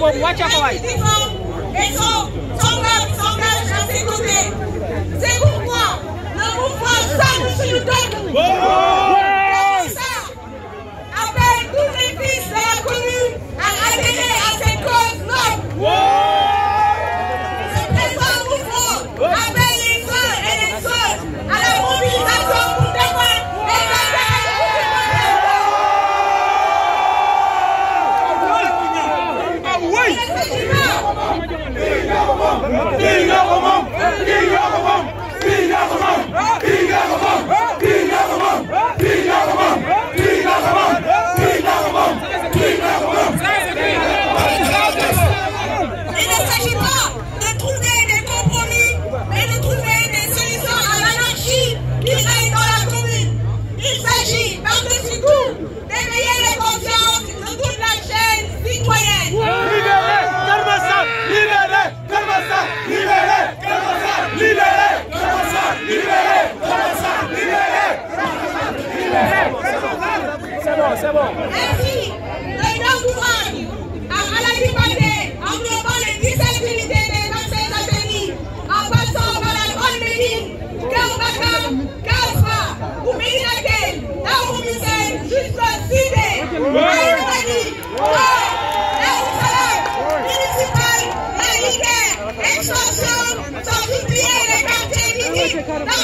Wacha kwa wapi? Eso, songa, Não, não, não. É bom, c'est bon. Ainsi, le gouvernement a a passée en globant les disabilités des anciens Algérie, en passant par la grande médine, Karbakam, Kasra, ou Médinakel, Darou Musel, jusqu'à Sudé, Aïdani, Aïdani, municipal, Aïdani, extension, sans oublier les quartiers midi,